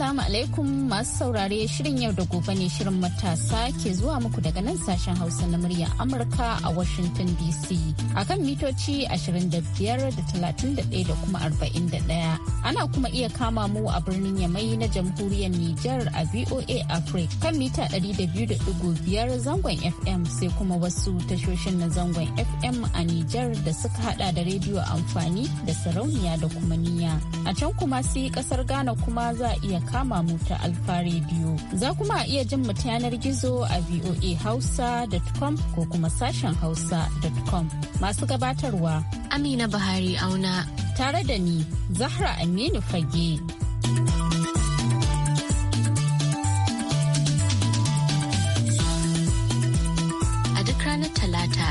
Assalamu alaikum masu saurare shirin yau da gobe ne shirin matasa ke zuwa muku daga nan sashen Hausa na murya Amurka a Washington DC akan mitoci 25 da da kuma 41. Ana kuma iya kama mu a birnin Yamai na jamhuriyar Nijar a VOA Africa kan mita 200.5 zangon FM sai kuma wasu tashoshin na zangon FM a Nijar da suka hada da rediyo amfani da sarauniya da kuma niya. A can kuma sai kasar Ghana kuma za a iya kama mu ta Alfa Radio. Za kuma a iya jin mu ta yanar gizo a voahausa.com ko kuma sashen hausa.com. Masu gabatarwa Amina bahari Auna. Tare da ni Zahra Aminu Fage.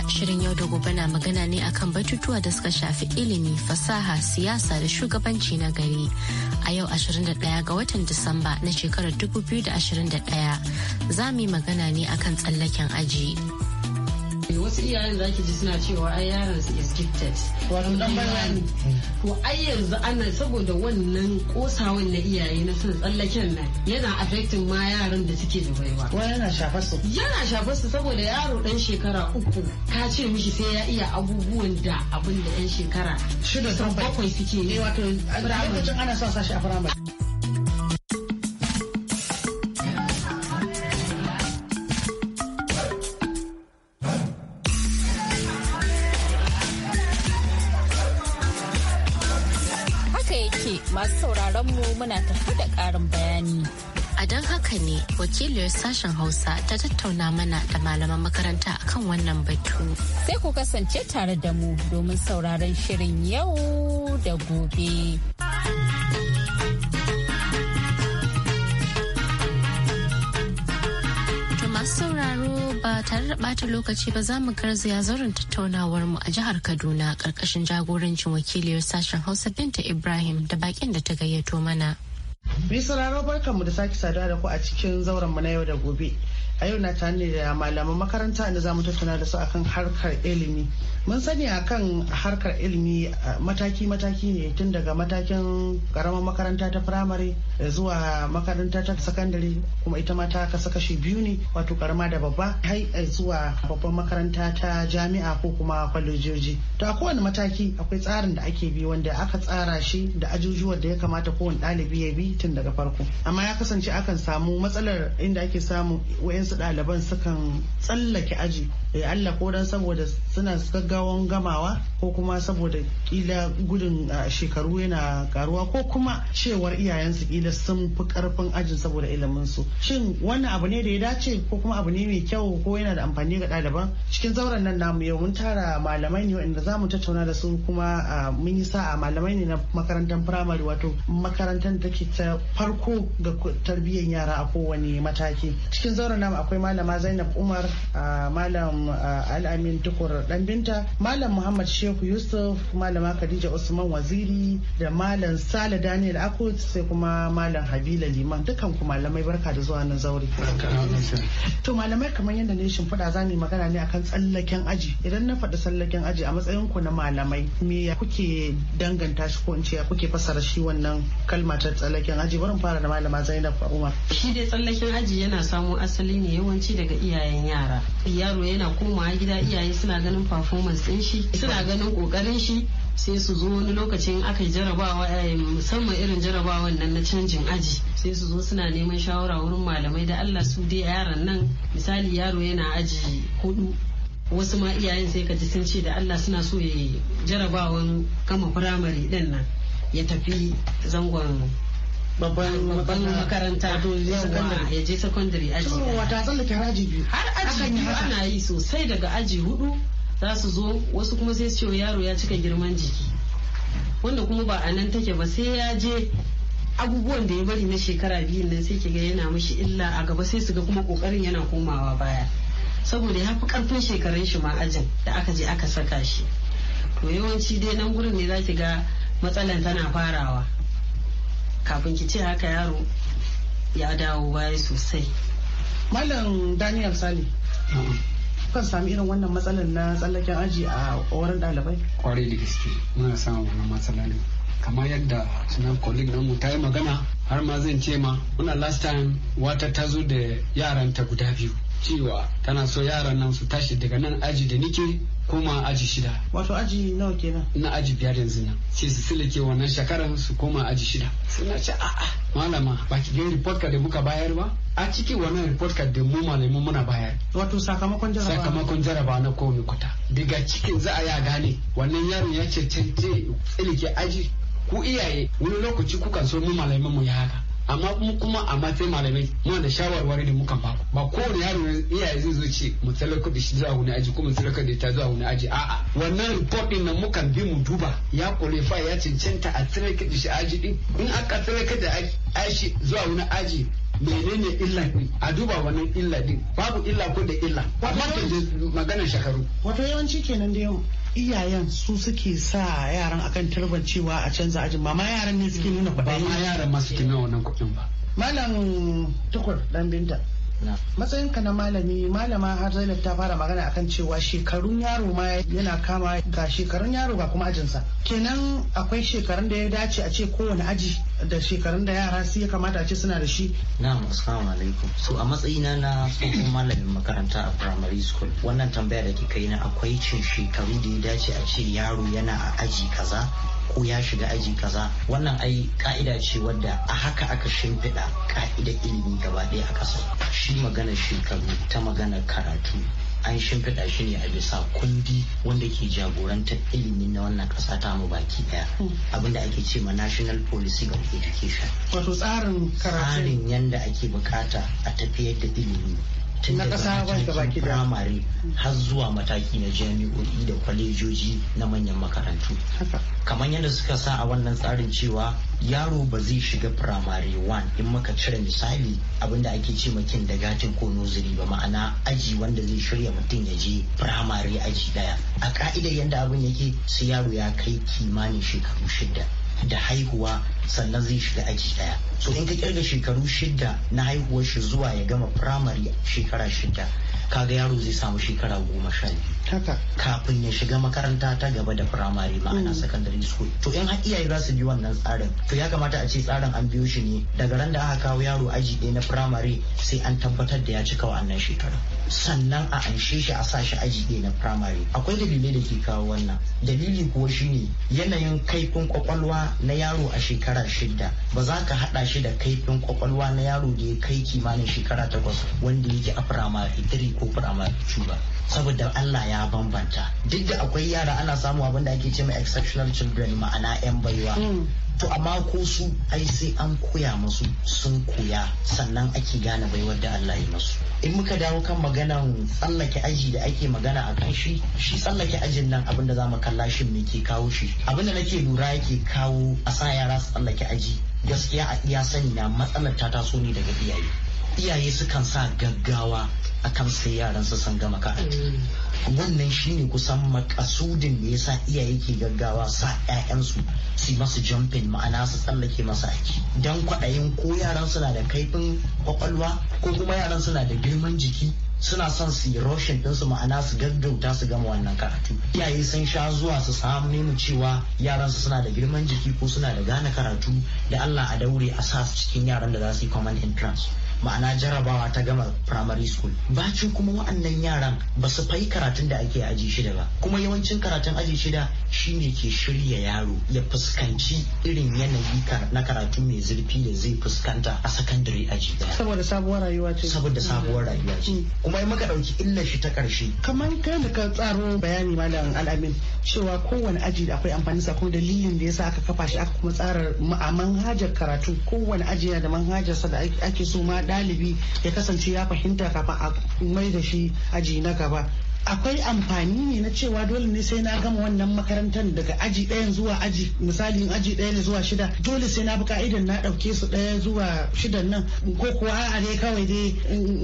shirin yau da gobe na magana ne akan batutuwa da suka shafi ilimi fasaha siyasa da shugabanci na gari a yau 21 ga watan Disamba na shekarar 2021 za mu yi magana ne akan tsallaken aji. wasu iyayen za ki ji suna cewa ai yaron su is gifted wato dan baiwa ne to ai yanzu ana saboda wannan kosawan na iyaye na son tsallaken nan yana affecting ma yaran da suke da baiwa wa yana shafar su yana shafar su saboda yaro dan shekara uku ka ce mishi sai ya iya abubuwan da abin da yan shekara shida bakwai suke ne eh, wato lokacin ana sa shi a firamare sauraron mu muna tafi da ƙarin bayani. A don haka ne wakiliyar sashen Hausa ta tattauna mana da malaman makaranta kan wannan batu. Sai ku kasance tare da mu domin sauraron shirin yau da gobe. ba tare da ɓata lokaci ba za mu garzaya zauren tattaunawar mu a jihar Kaduna ƙarƙashin jagorancin wakiliyar sashen Hausa Binta Ibrahim da bakin da ta gayyato mana. Mai sauraro mu da sake saduwa da ku a cikin zauren mu na yau da gobe. a yau na tare da malaman makaranta da za mu tattauna da su akan harkar ilimi mun sani akan harkar ilimi mataki-mataki ne tun daga matakin karamar makaranta ta firamare zuwa makaranta ta sakandare kuma ita ma ta kasa kashi biyu ne wato karama da babba har eh, zuwa babban makaranta ta jami'a ko kuma kwalejoji to a kowane mataki akwai tsarin da ake bi wanda aka tsara shi da ajujuwan da ya kamata kowane ɗalibi ya bi tun daga farko amma ya kasance akan samu matsalar inda ake samu wayan waɗansu ɗaliban sukan tsallake aji ya eh, Allah ko dan saboda suna gaggawan gamawa ko kuma saboda kila gudun shekaru yana karuwa ko kuma cewar iyayensu kila sun fi karfin ajin saboda ilimin su shin wannan abu ne da ya dace ko kuma abu ne mai kyau ko yana da amfani ga ɗaliban cikin zauren nan namu yau mun tara malamai ne wanda za mu tattauna da su kuma mun yi sa'a malamai ne na makarantar firamare wato makarantar da take ta farko ga tarbiyyar yara a kowane mataki cikin zauren namu akwai malama zainab umar malam al'amin tukur dan binta malam muhammad shehu yusuf malama khadija usman waziri da malam sale daniel akut sai kuma malam habila liman dukan ku malamai barka da zuwa nan zauri to malamai kamar yadda ne shimfiɗa fada zamu magana ne akan tsallaken aji idan na faɗi tsallaken aji a matsayin ku na malamai me kuke danganta shi ko in ce kuke fassara shi wannan kalma ta tsallaken aji bari fara da malama zainab umar shi dai tsallaken aji yana samo asali ne ne yawanci daga iyayen yara yaro yana komawa gida iyaye suna ganin performance din shi suna ganin kokarin shi sai su zo wani lokacin aka yi jarabawa eh, musamman irin jarabawan nan na canjin aji sai su zo suna neman shawara wurin malamai da allah su dai yaran nan misali yaro yana aji hudu wasu ma iyayen sai ka ji sun ce da allah suna so ya jarabawan gama firamare din nan ya tafi zangon babban makaranta ya je secondary aji wata tsallake haraji biyu har aji biyu ana yi sosai daga aji hudu za su zo wasu kuma sai su yaro ya cika girman jiki wanda kuma ba a nan take ba sai ya je abubuwan da ya bari na shekara biyu nan sai ki ga yana mishi illa a gaba sai su ga kuma kokarin yana komawa baya saboda ya fi karfin shekarun shi ma ajin da aka je aka saka shi to yawanci dai nan gurin ne za ki ga matsalan tana farawa kafin ki ce haka yaro ya dawo baya sosai malam daniel Sani. kan sami irin wannan matsalar na tsallaken aji a wurin ɗalibai kwarai da gaske muna samun wannan matsala ne kamar yadda sunan colleague namu ta yi magana har ma zan ce ma muna last time wata ta zo da yaranta guda biyu cewa tana so yaran nan su tashi daga nan aji da nike koma aji shida. Wato aji nawa kenan? Na aji biyar yanzu na. Sai su silike wannan shekarar su koma aji shida. Suna ce a'a malama ba ki ga report card da muka bayar ba? A cikin wannan report card da mu malamin muna bayar. Wato sakamakon jaraba. Sakamakon jaraba na kowane kwata. Daga cikin za a ya gane wannan yaron ya ce ce silike aji ku iyaye wani lokaci kukan so mu malamin mu ya haka. amma kuma a matsayin malamai muna da shawarwari da muka ba ba kowane yaro iyaye zai zo ce mu talaka da shi zuwa wani aji kuma talaka da ta zuwa wani aji a'a wannan report din nan mukan bi mu duba ya kulefa ya cancanta a talaka da shi aji din in aka talaka da aji zuwa wani aji menene illa din a duba wannan illa din babu illa ko da illa amma magana shakaru wato yawanci kenan da yau iyayen su suke sa yaran akan turban cewa a canza ajin ba ma yaran ne suke nuna kuɗi ba ma yaran ma suke nuna wannan kuɗin ba malam tukur dan binta matsayinka na malami malama har zainab ta fara magana akan cewa shekarun yaro ma yana kama ga shekarun yaro ga kuma ajinsa kenan akwai shekarun da ya dace a ce kowane aji da shekarun da yara su ya kamata a ce suna da shi na'am assalamu alaikum so a matsayina na tsohon malamin makaranta a primary school wannan tambaya da kika yi na akwai cin shekaru da ya dace a ce yaro yana a aji kaza ko ya shiga aji kaza wannan ai ka'ida ce wadda a haka aka shimfiɗa ka'idar ilimi gaba ɗaya a ƙasa shi magana shekaru ta magana karatu an shimfiɗa shi ne a bisa kundi wanda ke jagorantar ilimi na wannan ƙasa ta mu baki ɗaya abinda ake ce ma national policy of education wato tsarin karatu tsarin yanda ake bukata a tafiyar da ilimi tun daga da firamare har zuwa mataki na jami'o'i da kwalejoji na manyan makarantu kamar yadda suka sa a wannan tsarin cewa yaro ba zai shiga firamare 1 in muka cire misali abin da ake ce makin da gatin ko noziri ba ma'ana aji wanda zai shirya mutum ya je firamare aji daya a ka'idar yadda abin yake su yaro ya kai kimanin shekaru shida da haihuwa sannan zai shiga aji daya so in ka kirga shekaru shida na haihuwar shi zuwa ya gama firamare shekara shida kaga yaro zai samu shekara goma sha biyu kafin ya shiga makaranta ta gaba da firamare ma'ana mm. secondary school to in har iyaye za su bi wannan tsarin to ya kamata a ce tsarin an biyo shi ne daga ran da aka kawo yaro aji ɗaya na firamare sai an tabbatar da ya cika wa'annan shekaru sannan a anshe shi a sashi aji ɗaya na firamare akwai dalilai da ke kawo wannan dalili kuwa shine yanayin kaifin kwakwalwa na yaro a shekara shida ba za ka hada shi da kaifin kwakwalwa na yaro da ya kai kimanin shekara takwas wanda yake a firamare tiri ko firamare two ba saboda Allah ya bambanta duk da akwai yara ana samu abin da ake ce mai exceptional children ma'ana 'yan baiwa hmm. to amma ko su ai sai an koya masu sun koya sannan ake gane baiwar da Allah ya masu in muka dawo kan maganan tsallake aji da ake magana a kan shi shi tsallake ajin nan abin da za mu kalla shi me ke kawo shi abin da nake lura yake kawo a sa yara su tsallake aji gaskiya a iya sani na matsalar ta taso ne daga iyaye iyaye sukan sa gaggawa akan sai yaran su san gama wannan shine kusan makasudin da yasa iyaye ke gaggawa sa 'ya'yansu su masu jumping ma'ana su tsallake masa aiki dan kwaɗayin ko yaran suna da kaifin kwakwalwa ko kuma yaran suna da girman jiki suna son su yi roshin ɗinsu ma'ana su gaggauta su gama wannan karatu iyaye sun sha zuwa su samu nemi cewa yaran su suna da girman jiki ko suna da gane karatu da Allah a daure a sa cikin yaran da za su yi common entrance ma'ana jarabawa ta gama primary school bacin kuma wa'annan yaran ba su fai karatun da ake aji shida ba kuma yawancin karatun aji shida shine ke shirya yaro ya fuskanci irin yanayi na karatu mai zurfi da zai fuskanta a sakandare a daya saboda sabuwar rayuwa ce saboda sabuwar rayuwa ce mm. kuma maka ɗauki illar shi ta karshe kamar kai da ka tsaro bayani malam al'amin cewa kowane aji da akwai amfani sa kuma dalilin da yasa aka kafa shi aka kuma tsara a manhajar karatu kowane aji yana da manhajar sa da ake so ma ɗalibi ya kasance ya fahimta kafin a mai da shi aji na gaba akwai amfani ne na cewa dole ne sai na gama wannan makarantar daga aji ɗaya zuwa aji misalin aji ɗaya ne zuwa shida dole sai na bi ka'idan na ɗauke su ɗaya zuwa shidan nan ko kuwa a dai kawai dai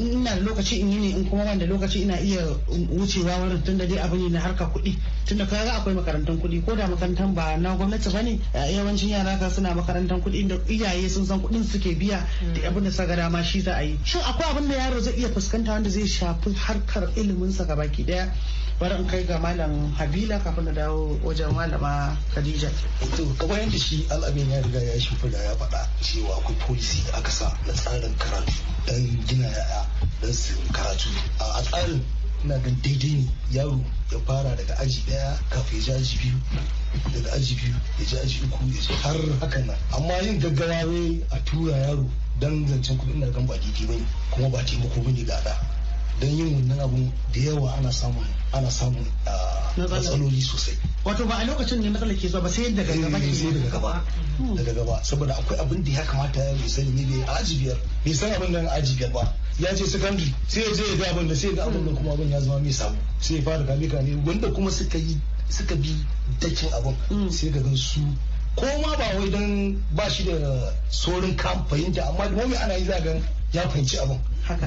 ina da lokaci in yi ne in kuma wanda lokaci ina iya wucewa wurin tun da dai abu ne na harka kuɗi tun da kaga akwai makarantar kuɗi ko da makarantar ba na gwamnati ba ne yawancin yara ka suna makarantar kuɗi da iyaye sun san kuɗin suke biya da abin da suka dama shi za a yi shin akwai abin da yaro zai iya fuskanta wanda zai shafi harkar ilimin sa gabaki ɗaya daya bari in kai ga malam habila kafin na dawo wajen malama khadija to kamar yadda shi al'amin ya riga ya shimfiɗa ya faɗa cewa akwai policy da aka sa na tsarin karatu dan gina yaya dan su karatu a tsarin ina gan daidai ne yaro ya fara daga aji daya kafin ya ji aji biyu daga aji biyu ya ji aji uku ya ji har hakan nan amma yin gaggawa a tura yaro dan zancen kuɗi ina gan ba daidai bane kuma ba taimako bane ga da don yin wannan abun da yawa ana samun ana samun ah, matsaloli sosai wato ba a lokacin ne matsalar ke zuwa ba sai daga gaba eh, ke sai daga gaba hmm. daga gaba saboda akwai abin da ya kamata ya yi sani ne bai aji biyar bai san abin da aji gaba ya ce secondary sai ya je ya ga abin da sai ga abin da kuma abin ya zama mai samu sai ya fara kame kame wanda kuma suka yi suka bi dakin abin hmm. sai ga gan su ko ma ba wai don ba shi da saurin kam amma da ana yi zagan ya fahimci abin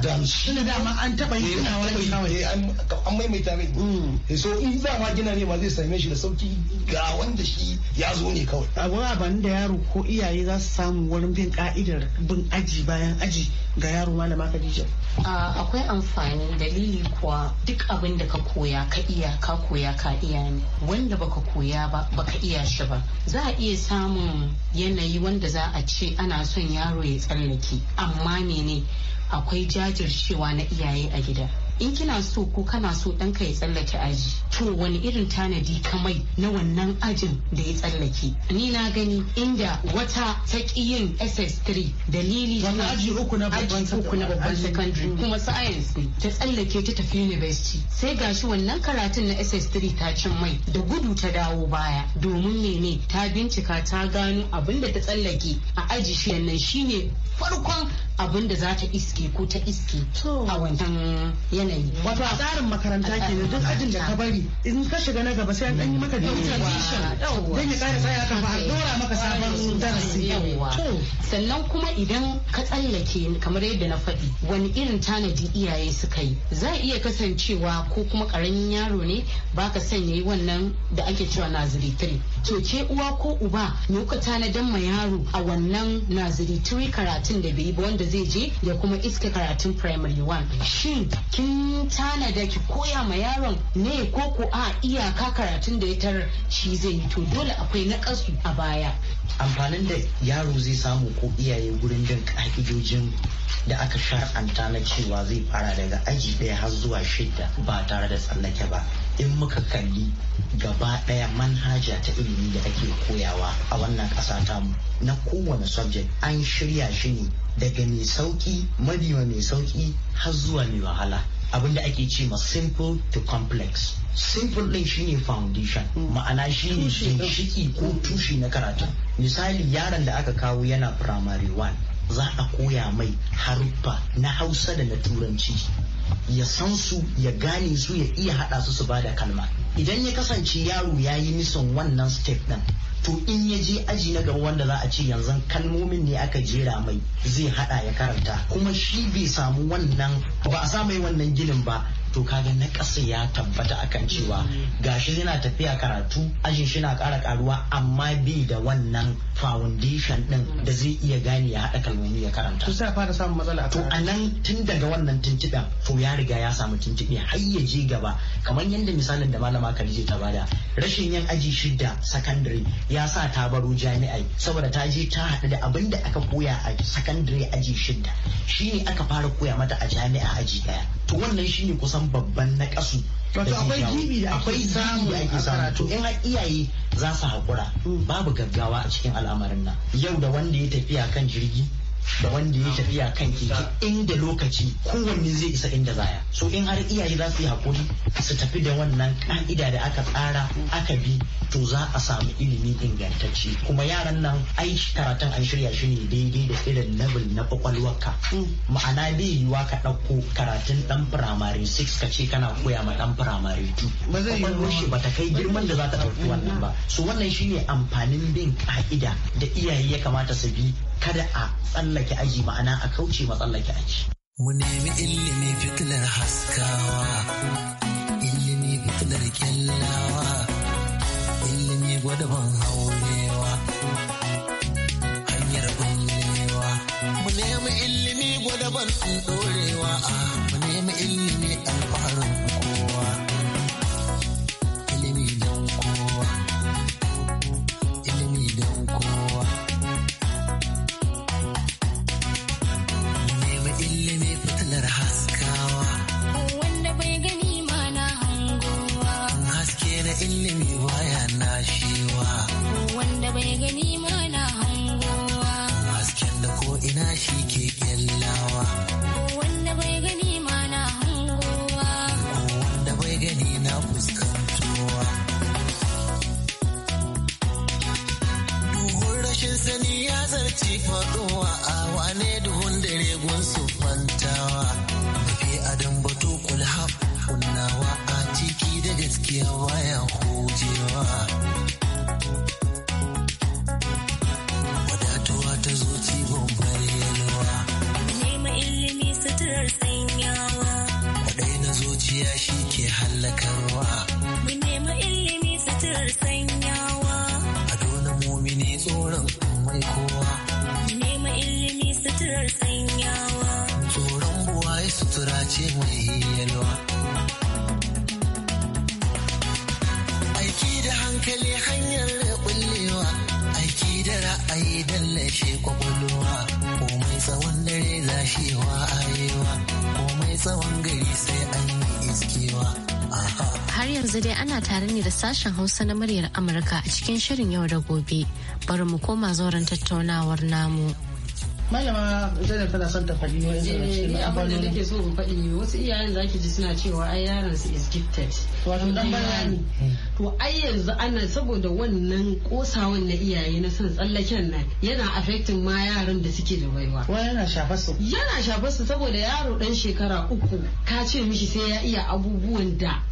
da hamsin da dama an taba eh, yi ginawa wani eh, kawai an maimaita mai hmm. eh, so in za ma gina ne ma zai same shi da sauki ga wanda shi ya zo ne kawai abun ban da yaro ko iyaye za su samu wurin bin ka'idar bin aji bayan aji ga yaro malama Khadija akwai amfani dalili kuwa duk abin da ka koya ka iya ka koya ka iya ne wanda baka koya ba baka iya shi ba za a iya samun yanayi wanda za a ce ana son yaro ya tsallake amma mene akwai jajircewa na iyaye a gida in kina so ko kana so ɗanka ya tsallake aji to wani irin tanadi ka mai na wannan ajin da ya tsallake ni na gani inda wata ta yin ss3 dalili wani aji uku na babban secondary kuma science ne ta tsallake ta tafi university sai gashi wannan karatun na ss3 ta cin mai da gudu ta dawo baya domin mene ta bincika ta gano abin da ta tsallake a aji shi nan shine farkon abin da za ta iske ko ta iske a wannan yanayi. Wato a tsarin makaranta ke ne duk ajin da ka bari in ka shiga na gaba sai an yi maka da wuta don ya kara tsaya ka ba dora maka sabon darasi. Sannan kuma idan ka tsallake kamar yadda na faɗi wani irin tanadi iyaye suka yi za iya kasancewa ko kuma ƙaramin yaro ne baka sanya yi wannan da ake cewa naziri tiri. To ke uwa ko uba me kuka tanadan ma yaro a wannan naziri tiri karatu karatun da bai yi ba wanda zai je ya kuma iska karatun primary 1 shin kin tanada ki koya ma yaron ne ko ko a iyaka karatun da ya tarar shi zai yi to dole akwai nakasu a baya amfanin da yaro zai samu ko iyaye gurin bin ka'idojin da aka shar'anta na cewa zai fara daga aji daya har zuwa shida ba tare da tsallake ba in muka kalli gaba ɗaya manhaja ta ilimi da ake koyawa a wannan ƙasa mu na kowane subject an shirya shi ne daga mai sauƙi madima mai sauƙi har zuwa mai wahala abin da ake ce ma simple to complex simple din shine foundation mm. ma'ana shine ginshiki ko tushe na karatu misali yaron da aka kawo yana primary one za a koya mai haruffa na hausa da na turanci ya san su ya gane su ya iya haɗa su su ba da kalma idan ya kasance yaro ya yi nisan wannan step ɗin to in ya je aji na gaba wanda za a ce yanzu kalmomin ne aka jera mai zai hada ya karanta kuma shi bai samu wannan ba a sa mai wannan ginin ba to kaga na ya tabbata a kan cewa mm-hmm. gashi yana tafiya karatu ajin shi na ƙara karuwa amma bi da wannan foundation din da zai iya gane ya haɗa kalmomi ya karanta to sai fara samun matsala to anan tun daga wannan tuntuɓen to ya riga ya samu tuntuɓe har ya je gaba kamar yadda misalin da malama Khadija ta bada rashin yin aji shidda secondary ya sa ta baro jami'ai saboda ta je ta haɗu da abin da aka koya a secondary aji shida shine aka fara koya mata a jami'a aji ɗaya. to wannan shine kusan babban na kasu akwai gibi da akwai samu da ake samu to in har iyaye za su haƙura hmm. babu gaggawa a cikin al'amarin nan yau da wanda ya tafiya kan jirgi da wanda ya tafiya kan keke inda lokaci kowanne zai isa inda zaya so in har iyaye za su yi hakuri su tafi da wannan ka'ida da aka tsara aka bi to za a samu ilimi ingantacce kuma yaran nan ai karatun an shirya shi ne daidai da irin level na kwakwalwarka ma'ana bai wa ka ɗauko karatun ɗan firamare 6 ka ce kana koya ma ɗan firamare 2 kwakwalwar Ba bata kai girman da za ta ɗauki wannan ba so wannan shi ne amfanin bin ka'ida da iyaye ya kamata su bi kada a tsallake aji ma'ana a kauce ma tsallake aji. Mu nemi ilimi fitilar haskawa, ilimi fitilar kyallawa, ilimi gwadaban haurewa, hanyar kullewa. Mu nemi ilimi gwadaban tsoro. sashen Hausa na muryar Amurka a cikin shirin yau da gobe. Bari mu koma zauren tattaunawar namu. malama zainab tana son ta faɗi wani zance ne abin da nake so in faɗi wasu iyayen zaki ji suna cewa ai yaron su is gifted wato dan bayani to ai yanzu ana saboda wannan kosawan na iyaye na son tsallaken nan yana affecting ma yaran da suke da baiwa wa yana shafar su yana shafar su saboda yaro dan shekara uku ka ce mishi sai ya iya abubuwan da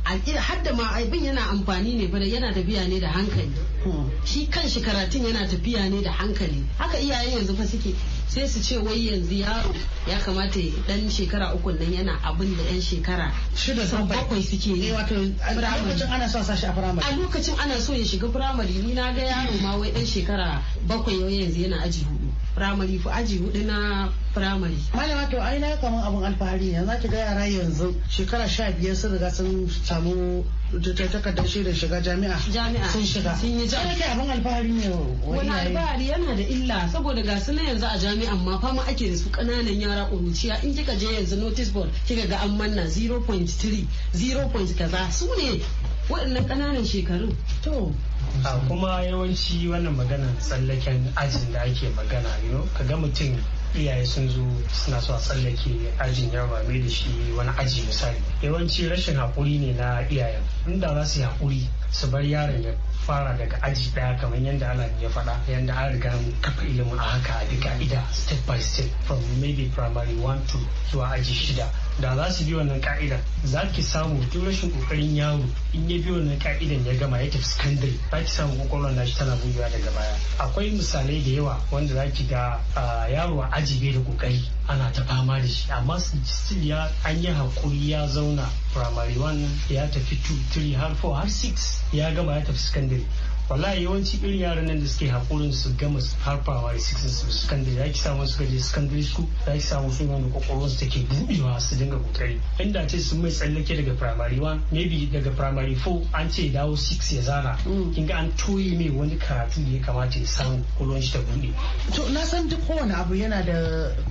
har da ma abin yana amfani ne ba yana tafiya ne da hankali hmm. shi kan shi karatun yana tafiya ne da hankali haka iyaye yanzu fa suke sai su ce wai yanzu yaro ya kamata dan shekara uku nan yana abin da yan shekara shida bakwai suke yi eh, wato a lokacin ana so sashi a firamare lokacin ana so ya shiga firamare ni na ga yaro ma wai dan shekara bakwai yanzu yana aji hudu firamare ku aji hudu na firamare. Malama to ai na kaman abin alfahari ne za ki ga yara yanzu shekara sha biyar sun riga sun samu takardar shirin shiga jami'a. Jami'a sun shiga. Sun yi jami'a. Kai abin alfahari ne wani alfahari yana da illa saboda ga su na yanzu a jami'an ma fama ake da su kananan yara ƙuruciya in kika je yanzu notice board kika ga an manna 0.3 0. kaza su ne waɗannan ƙananan shekarun. To kuma yawanci wannan maganan tsallaken ajin da ake magana ka ga mutum iyaye sun zo suna so a tsallake ajin yawa mai da shi wani aji misali yawanci rashin haƙuri ne na iyayen inda za su yi haƙuri su bar yaron ya fara daga aji ɗaya kamar yadda ana ya faɗa yadda an riga kafa ilimin a haka a duka ida step by step from maybe primary one to zuwa aji shida da za su bi wannan ka'idan za ki samu duk rashin kokarin yaro in ya bi wannan ka'idan ya gama ya tafi sakandare za ki samu na shi tana bugewa daga baya akwai misalai da yawa wanda za ki ga yaro a aji da kokari ana ta fama da shi amma still ya an yi hakuri ya zauna primary 1 ya tafi 2 3 har 4 har 6 ya gama ya tafi sakandare wallahi yawanci irin yaran nan da suke haƙurin su gama farfawa da sikin su secondary ya ki samu gaje je secondary school ya ki samu su yana da kwakwalwar su take buɗewa su dinga kokari inda ce sun mai tsallake daga primary one maybe daga firamare fo? an ce dawo six ya zara mm. kin ga an toye mai wani karatu da ya kamata ya samu kwakwalwar shi ta buɗe. to na san duk kowane abu yana da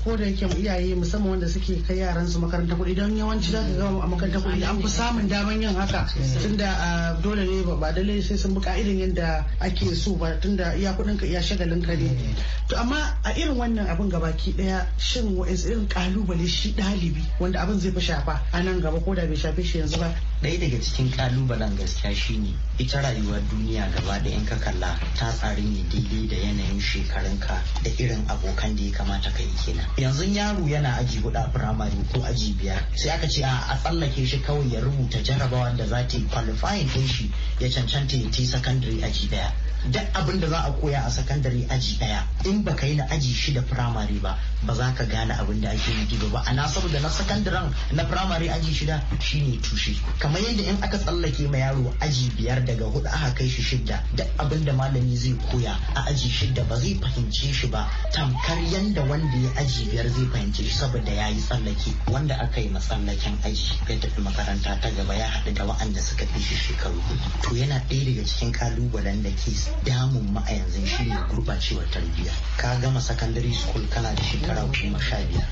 ko da yake iyaye musamman wanda suke kai yaran su makaranta kuɗi don yawanci za ka ga a makaranta kuɗi an fi samun daman yin haka tunda ah, dole ne ba dole sai sun bi ka'idan yadda da ake so ba tunda iya kudin ka iya shagalin ka ne to amma a irin wannan abin gabaki daya shin wa'in irin kalubale shi dalibi wanda abin zai fi shafa a nan gaba ko da bai shafe shi yanzu ba ɗaya daga cikin kalubalen gaskiya shine ita rayuwar duniya gaba da ka kalla ta tsari ne daidai da yanayin shekarunka da irin abokan da ya kamata ka yi kenan yanzu yaro yana aji hudu firamare ko aji biyar sai aka ce a tsallake shi kawai ya rubuta jarabawa da za ta yi qualifying din shi ya cancanta ya ti secondary aji daya duk abin da za a koya a sakandare aji daya in baka yi na aji shida firamare ba ba za ka gane abin da ake yi ba ana saboda na sakandaren na firamare aji shida shine tushe kamar yadda in aka tsallake ma yaro aji biyar daga hudu aka kai shi shidda duk abin da malami zai koya a aji shidda ba zai fahimce shi ba tamkar yadda wanda ya aji biyar zai fahimce shi saboda ya yi tsallake wanda aka yi matsallakin aji ya tafi makaranta ta gaba ya haɗu da wa'anda suka fi shi shekaru to yana ɗaya daga cikin kalubalen da ke damun ma a yanzu shine gurɓacewar tarbiyya ka gama sakandare school kana da shekaru shekara goma sha biyar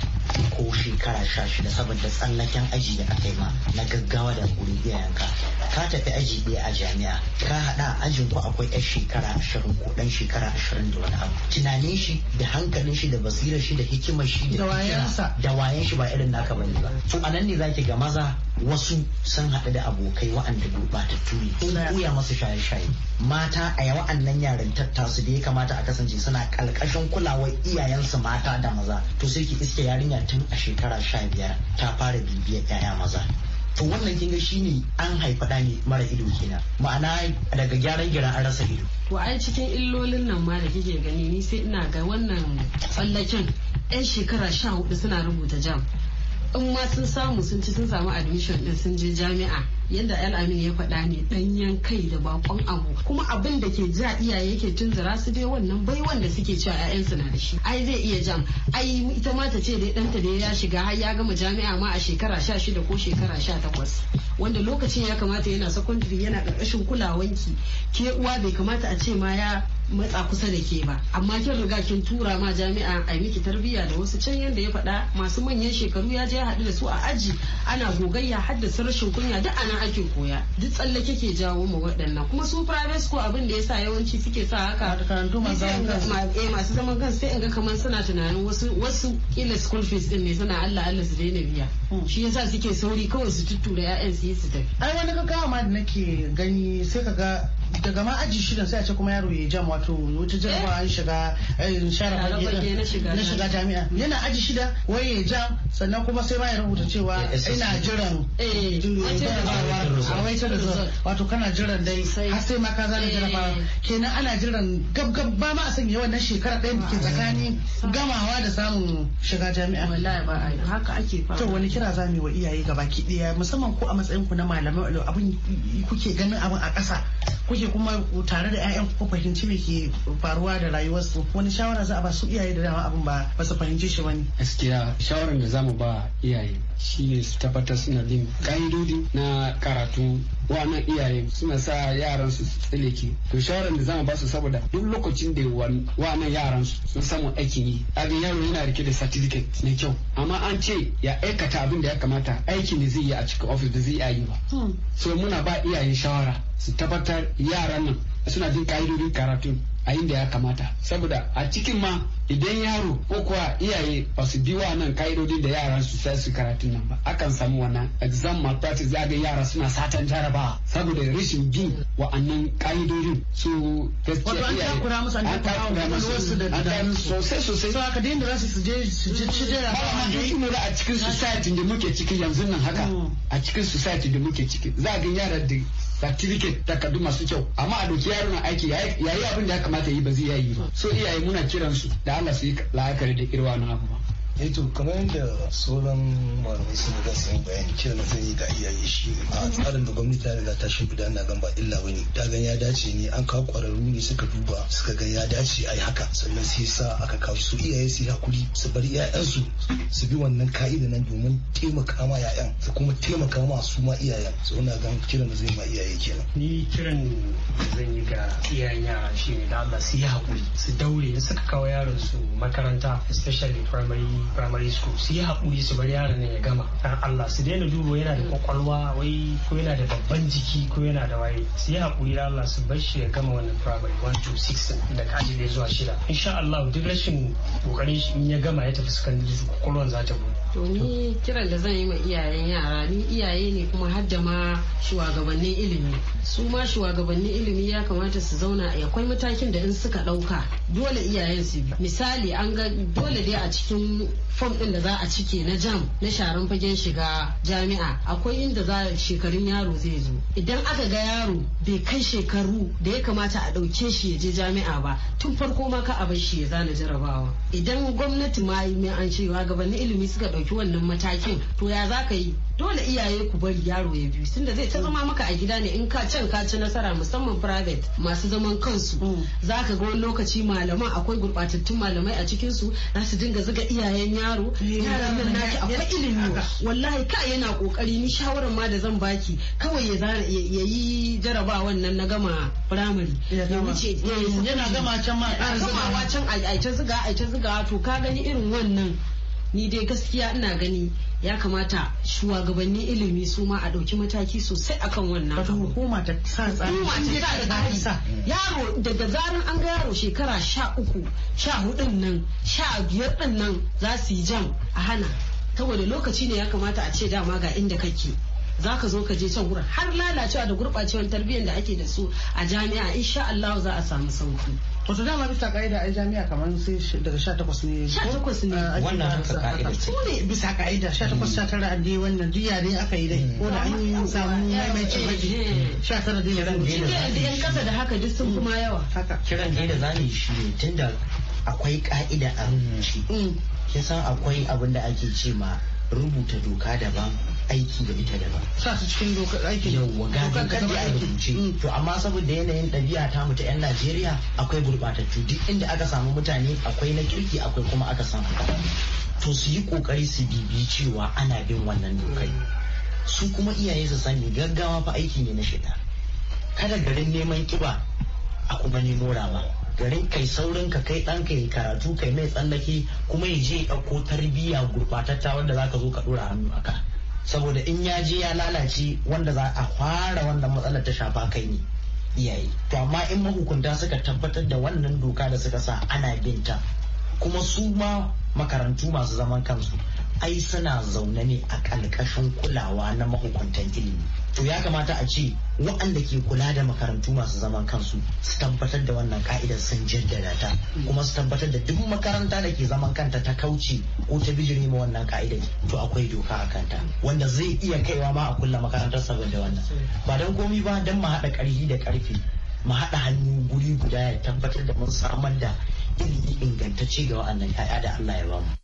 ko shekara sha shida saboda tsallaken aji da aka yi ma na gaggawa da kuri yanka ka tafi aji ɗaya a jami'a ka haɗa ajin ku akwai 'yar shekara ashirin ko ɗan shekara ashirin da wani abu tunanin shi da hankalin shi da basirar shi da hikimar shi da wayan shi ba irin naka bane ba to anan ne zaki ga maza wasu sun haɗu da abokai wa'anda gurɓatattu ne sun koya masu shaye-shaye mata a yawa annan yaren tattasu da ya kamata a kasance suna ƙalƙashin kulawar iyayensu mata da maza to sai ki iske yarinya tun a shekara sha biyar ta fara bibiyar 'ya'ya maza to wannan kinga ne an haifa da mara ido kenan ma'ana daga gyaran gira an rasa ido to ai cikin illolin nan ma da kike gani ni sai ina ga wannan tsallakin yan shekara sha hudu suna rubuta jam in ma sun samu sun ci sun samu admission din sun je jami'a yadda al'amin ya faɗa ne ɗanyen kai da bakon abu kuma abin da ke ja iyaye ke tunzura su dai wannan bai wanda suke cewa ƴaƴansu na da shi ai zai iya jam ai ita ma ta ce dai ɗanta da ya shiga har ya gama jami'a ma a shekara sha shida ko shekara sha takwas wanda lokacin ya kamata yana secondary yana ƙarƙashin kulawanki ke uwa bai kamata a ce ma ya matsa kusa da ke ba amma kin riga kin tura ma jami'a a miki tarbiyya da wasu can yanda ya faɗa masu manyan shekaru ya je ya haɗu da su a aji ana gogayya haddasa rashin kunya duk ana ake koya duk tsalle kike jawo ma waɗannan kuma su private school abin da yasa yawanci suke sa haka karantu eh, masu zaman kansu sai in ga kamar suna tunanin wasu wasu kila school fees din ne suna Allah Allah su daina biya hmm. shi yasa suke sauri kawai su tuttura 'ya'yan su yi su tafi ai wani kakawa ma da nake gani sai kaga daga ma aji shidan sai a ce kuma yaro ya jam wato wata jarabawa an shiga eh, share fage na shiga jami'a yana aji shida wai ya jam sannan kuma sai ma ya rubuta cewa ina jiran eh, a wai ta wato kana jiran dai har sai ma ka zana eh. jarabawa kenan ana jiran gab gab ba ma a sanya na shekara ɗaya muke tsakanin gamawa da samun shiga jami'a wallahi ba haka ake fara to wani kira zamu yi wa iyaye gaba daya musamman ko a matsayin ku na malamai abin kuke ganin abin a ƙasa kuke shi kuma tare da 'ya'yan ko fahimci me ke faruwa da rayuwarsu wani shawara za a ba su iyaye da dama abin ba ba su fahimci shi wani gaskiya shawaran da zamu ba iyaye shi ne su tabbatar suna bin ƙa'idodi na karatu wannan iyaye suna sa yaran su tsileke to shawaran da zama basu saboda duk lokacin da wannan yaran su sun samu aikin yi abin yaro yana rike da certificate na kyau amma an ce ya aikata abin da ya kamata aikin ne zai yi a cikin ofis da zai yi ba hmm. so muna ba iyayen shawara su tabbatar yaran nan suna jin ka'idodin karatu a inda ya kamata saboda a cikin ma idan yaro ko kuwa iyaye ba su bi nan ka'idodin da yaran su sai su karatun nan ba akan samu wannan exam malpractice za ga yara suna satan jarabawa saboda rashin bin wa'annan ka'idodin su gaskiya iyaye an kura musu an takura musu an takura sosai sosai so aka dinda rasu su je su je su je ba ma duk mu a cikin society da muke ciki yanzu nan haka mm. a cikin society da muke ciki za ga yaran da certificate takardu masu kyau amma a doki yaro na aiki yayi abin da ya kamata yi ba zai yi ba so iyaye muna kiransu su da Allah su yi la'akari da irwa na abu ba ya eh to kamar yadda sauran malamai sun riga sun bayani kiran da zan yi ga iyaye shi a tsarin da gwamnati ta riga ta shimfiɗa na gan ba illa bane ta gan ya dace ne an kawo kwararru ne suka duba suka ga ya dace a yi haka sannan sai sa aka kawo su iyaye su hakuri su bar 'ya'yansu su bi wannan ka'ida nan domin taimaka ma 'ya'yan su kuma taimaka ma su ma iyayen su na gan kiran da zai ma iyaye kenan. ni kiran zan yi ga iyayen yara shi ne da Allah su yi hakuri su daure in suka kawo yaron su makaranta especially primary primary school su yi haƙuri su bari yaron ne ya gama dan Allah su daina duba yana da kwakwalwa wai ko yana da babban jiki ko yana da waye su yi haƙuri da Allah su bar shi ya gama wannan primary 1 6 da kaji da zuwa shida insha Allah duk rashin kokarin shi in ya gama ya tafi secondary school kwakwalwan za ta bude to ni kiran da zan yi ma iyayen yara ni iyaye ne kuma har da ma shugabannin ilimi su ma shugabannin ilimi ya kamata su zauna akwai matakin da in suka dauka dole iyayen su bi misali an ga dole dai a cikin fom din da za a cike na jam na sharan fagen shiga jami'a akwai inda za shekarun yaro zai zo idan aka ga yaro bai kai shekaru da ya kamata a dauke shi ya je jami'a ba tun farko ma ka a shi ya zana jarabawa idan gwamnati ma an cewa gabanin ilimi suka dauki ɗauki wannan matakin to ya za ka yi dole iyaye ku bari yaro ya biyu da zai ta zama maka a gida ne in ka can ka ci nasara musamman private masu zaman kansu mm. za ka ga wani lokaci malaman akwai gurɓatattun malamai a cikin su za su dinga zuga iyayen yaro mm. yaran nan naki akwai ilimi wallahi ka yana kokari ni shawarar ma da zan baki kawai ya yi jarabawan nan na gama firamare mm. yana gama can ma a can zuga a can zuga to ka gani irin wannan ni dai gaskiya ina gani ya kamata shugabannin ilimi su ma a ɗauki mataki sosai akan wannan wata hukuma ta sa tsari yaro daga zaran an ga yaro shekara sha uku sha hudun nan sha biyar din nan za su yi jan a hana saboda lokaci ne ya kamata a ce dama ga inda kake za ka zo ka je can wurin har lalacewa da gurɓacewar tarbiyyar da ake da su a jami'a insha Allah za a samu sauki Wasu dama bisa ka'ida a jami'a kamar sai daga 18 ne 18 ne wannan haka ka'ida ce ne bisa ka'ida 18 19 a dai wannan diya ne aka yi dai ko hmm. da an yi samu maimaici baji 19 dai ya zango da yan kasa da haka duk sun kuma yawa haka kiran dai da zani shi ne tunda akwai ka'ida a rubuce hmm. kin san akwai abin da ake ce rubuta doka daban aiki da ita daban sa su cikin doka aiki yawwa ga dokan da rubuce mm. to amma saboda yanayin ɗabi'a ta mu ta yan Najeriya akwai gurɓatattu duk inda aka samu mutane akwai na kirki akwai kuma aka samu to su yi kokari su bibi cewa ana bin wannan dokai mm. su kuma iyaye su sani gaggawa fa aiki ne na shida kada garin neman kiba a kuma nemo rama garin kai saurin ka kai dan kai karatu kai mai tsallake kuma ya je ya ɗauko tarbiyya gurbatatta wanda za ka zo ka ɗora hannu aka saboda in ya je ya lalace wanda za a fara wannan matsalar ta shafa kai ne iyaye to amma in mahukunta suka tabbatar da wannan doka da suka sa ana binta kuma su ma makarantu masu zaman kansu ai suna zaune ne a ƙarƙashin kulawa na mahukuntan ilimi to ya kamata a ce waɗanda ke kula da makarantu masu zaman kansu su tabbatar da wannan ka'idar sun jaddada ta kuma su tabbatar da duk makaranta da ke zaman kanta ta kauce ko ta bijiri ma wannan ka'idar to akwai doka a kanta wanda zai iya kaiwa ma a kulla makarantar saboda wannan ba don komi ba don mu haɗa ƙarfi da ƙarfi mu haɗa hannu guri guda ya tabbatar da mun samar da ilimi ingantacce ga waɗannan 'ya'ya da Allah ya bamu.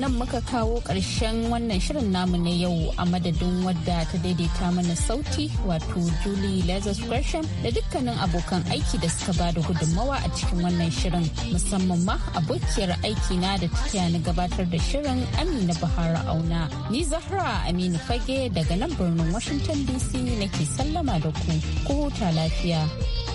nan muka kawo ƙarshen wannan shirin namu na yau a madadin wadda ta daidaita mana sauti wato Julie Lazarus Gresham da dukkanin abokan aiki da suka bada gudunmawa a cikin wannan shirin musamman ma abokiyar aiki na da tafiya na gabatar da shirin Amina Bahara Auna. Ni Zahra Aminu Fage daga nan birnin Washington DC nake sallama da ku. Ku huta lafiya.